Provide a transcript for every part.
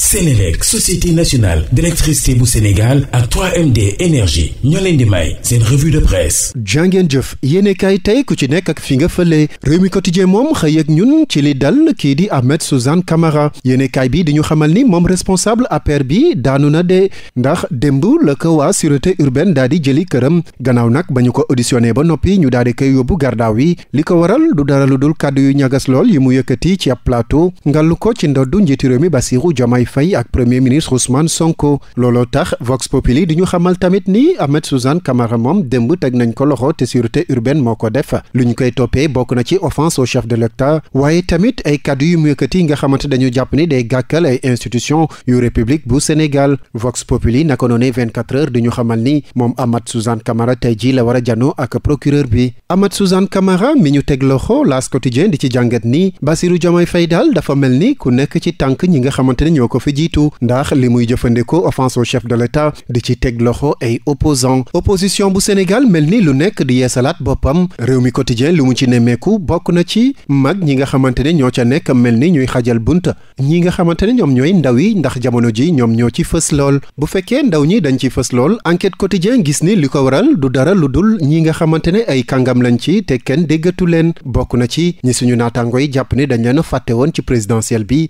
Sénélec société nationale d'électricité bu Sénégal ak 3MD énergie ñoo leen di may seen de presse jàngeen jëf yéene kaay tey ku ci nekk ak fi nga fële réew mi quotidien moom xëy ak ñun ci li dal kii di Ahmed Suzanne Camara yéene kaay bi di ñu xamal ni moom responsable APR bi daanu na de ndax démb la ko waa sûreté urbaine daa di jëli këram gannaaw nag ba ñu ko auditionné ba noppi ñu daal di koy yóbbu gardaaw yi li ko waral du dara lu dul kàddu yu ñagas lool yi mu yëkkati ci ab plateau ngallu ko ci ndoddu njiitu réew mi Bassirou Faye ak premier ministre Ousmane Sonko looloo tax Vox Populi di xamal tamit ni Ahmed Suzanne Camara moom démb teg nañ ko loxo te sûreté urbaine moo ko def lu ñu koy toppee bokk na ci offense au chef de l'État waaye tamit ay kàddu yu mu yëkkati nga xamante dañu jàpp ni day gàkkal ay institution yu république bu Sénégal Vox Populi naka noonee 24 heures di ñu xamal ni moom Ahmed Suzanne Camara tey jii la war a janoo ak procureur bi Ahmed Suzanne Camara mi ñu teg loxo L'As Quotidien di ci jàngat ni Bassirou Diomaye Faye daal dafa mel ni ku nekk ci tànk ñi nga xamante ne ñoo ko fi jiitu ndax li muy jëfandikoo offense au chef de l'État di ci teg loxo ay opposant opposition bu Sénégal mel ni lu nekk di yeesalaat boppam réew mi quotidien li mu ci nemmeeku bokk na ci mag ñi nga xamante ne ñoo ca nekk mel ni ñuy xajal bunt ñi nga xamante ne ñoom ñooy ndaw yi ndax jamono ji ñoom ñoo ci fës lool bu fekkee ndaw ñi dañ ci fës lool enquête quotidien gis ni li ko waral du dara lu dul ñi nga xamante ne ay kàngam lañ ci te kenn déggatu leen bokk na ci ñi suñu naataango yi jàpp ni dañ leen fàtte ci présidentielle bi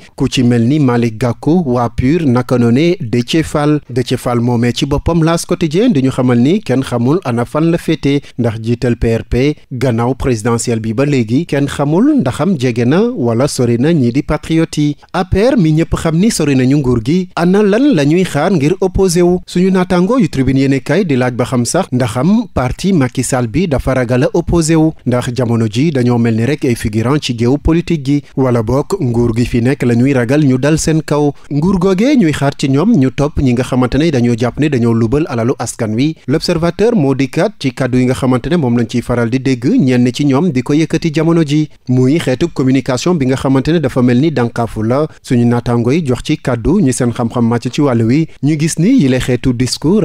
taxaw waa PUR naka noone Déthié Fall Déthié Fall moomee ci boppam L'As Quotidien di ñu xamal ni kenn xamul ana fan la féete ndax jiital PRP gannaaw présidentiel bi ba léegi kenn xamul ndaxam jege na wala sori na ñii di patriote yi APR mi ñëpp xam ni sori nañu nguur gi ana lan la ñuy xaar ngir opposé wu suñu naataango yu tribune yéene kay di laaj ba xam sax ndaxam parti Macky Sall bi dafa ragal opposé wu ndax jamono ji dañoo mel ni rek ay figurant ci géew politique gi wala bokk nguur gi fi nekk la ñuy ragal ñu dal seen kaw nguur googee ñuy xaar ci ñoom ñu topp ñi nga xamante ne dañoo jàpp ne dañoo lubal alalu askan wi l'observateur moo dikkaat ci kàddu yi nga xamante ne moom lañu ciy faral di dégg ñenn ci ñoom di ko yëkkati jamono ji muy xeetu communication bi nga xamante ne dafa mel ni dànkaafu la suñu naataango yi jox ci kàddu ñu seen xamxam xam màcc ci wàll wi ñu gis ni yile xeetu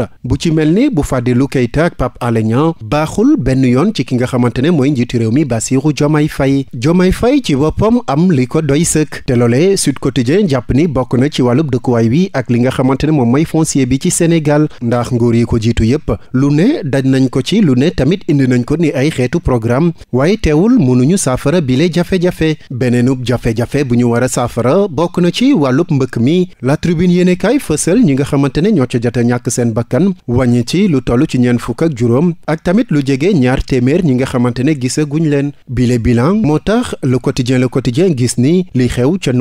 a bu ci mel ni bu Fadilou lu ak Pape Alé Niang baaxul benn yoon ci ki nga xamante ne mooy njiitu réew mi Bassirou Diomaye Faye Diomaye Faye ci boppam am li ko doy sëkk te loolee Sud Quotidien jàpp ni bokk jëmee ci wàllub dëkkuwaay wi ak li nga xamante ne moom mooy foncier bi ci Sénégal ndax nguur yi ko jiitu yépp lu ne daj nañ ko ci lu ne tamit indi nañ ko ni ay xeetu programme waaye teewul mënuñu saafara bile jafe-jafe beneenub jafe-jafe bu ñu war a saafara bokk na ci wàllub mbëkk mi la tribune yéene kaay fësal ñi nga xamante ne ñoo ca jota ñàkk seen bakkan wàññi ci lu toll ci ñeen fukk ak juróom ak tamit lu jege ñaar téeméer ñi nga xamante ne gisaguñ leen bile bilan moo tax le quotidien le quotidien gis ni li xew ca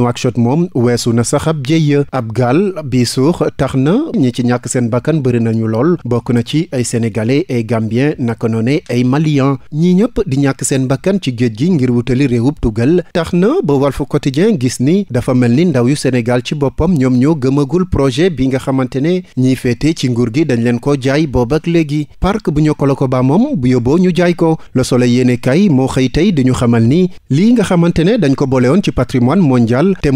jëy ab gaal bi suux tax na ñi ci ñàkk seen bakkan bari nañu lool bokk na ci ay sénégalais ay gambien naka noone ay malien ñi ñëpp di ñàkk seen bakkan ci géej gi ngir wutali réewub tugal tax na ba Walf Quotidien gis ni dafa mel ni ndaw yu Sénégal ci boppam ñoom ñoo gëmagul projet bi nga xamante ne ñiy féete ci nguur gi dañ leen ko jaay boob ak léegi parc bu ñokkala ko baa moom bu yóbboo ñu jaay ko Le Soleil yéene kay moo xëy tey di ñu xamal ni lii nga xamante ne dañ ko boole woon ci patrimoine mondial te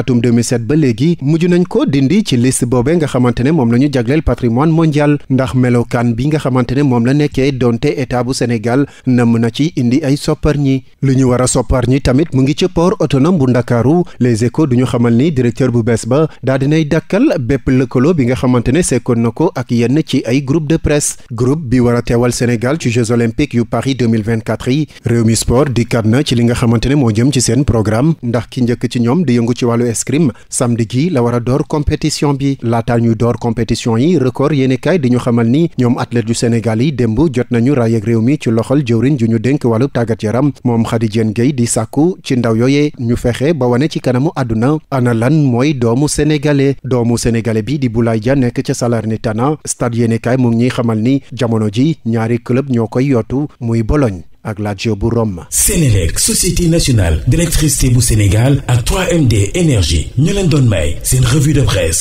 atum 2007 ba léegi mujj nañ ko dindi ci liste boobee nga xamante ne moom la ñu jagleel patrimoine mondial ndax melokaan bi nga xamante ne moom la nekkee donte état bu Sénégal namm na ci indi ay soppar ñi lu ñu war a soppar ñi tamit mu ngi ci port otonom bu Ndakaaru les échos du ñu xamal ni directeur bu bees ba daa dinay dàkkal bépp lëkkaloo bi nga xamante ne sekkoon na ko ak yenn ci ay groupe de presse groupe bi war a teewal Sénégal ci Jeux olympiques yu Paris 2024 yi Rewmi Sport dikkaat na ci ne moo jëm ci seen programme ndax di escrime samd gi la war door compétition bi laataa ñuy door compétition yi record yéeni kaay di ñu xamal ni ñoom athlètes yu Sénégal yi démb jot nañu raay ak réew mi ci loxol jëwriñ ju ñu dénk wàllu tàggat yaram moom Khady Diène Gaye di sàkku ci ndaw yooyee ñu fexe ba wane ci kanamu àdduna ana lan mooy doomu sénégalais doomu sénégalais bi di bulaay Dia nekk ca Salernitana stade yéeni kaay mu ngi ñuy xamal ni jamono ji ñaari club ñoo koy yootu muy Bologne ak Lazio bu Rome. Sénélec société nationale d'électricité bu Sénégal ak 3MD énergie ñu leen doon may seen revue de presse.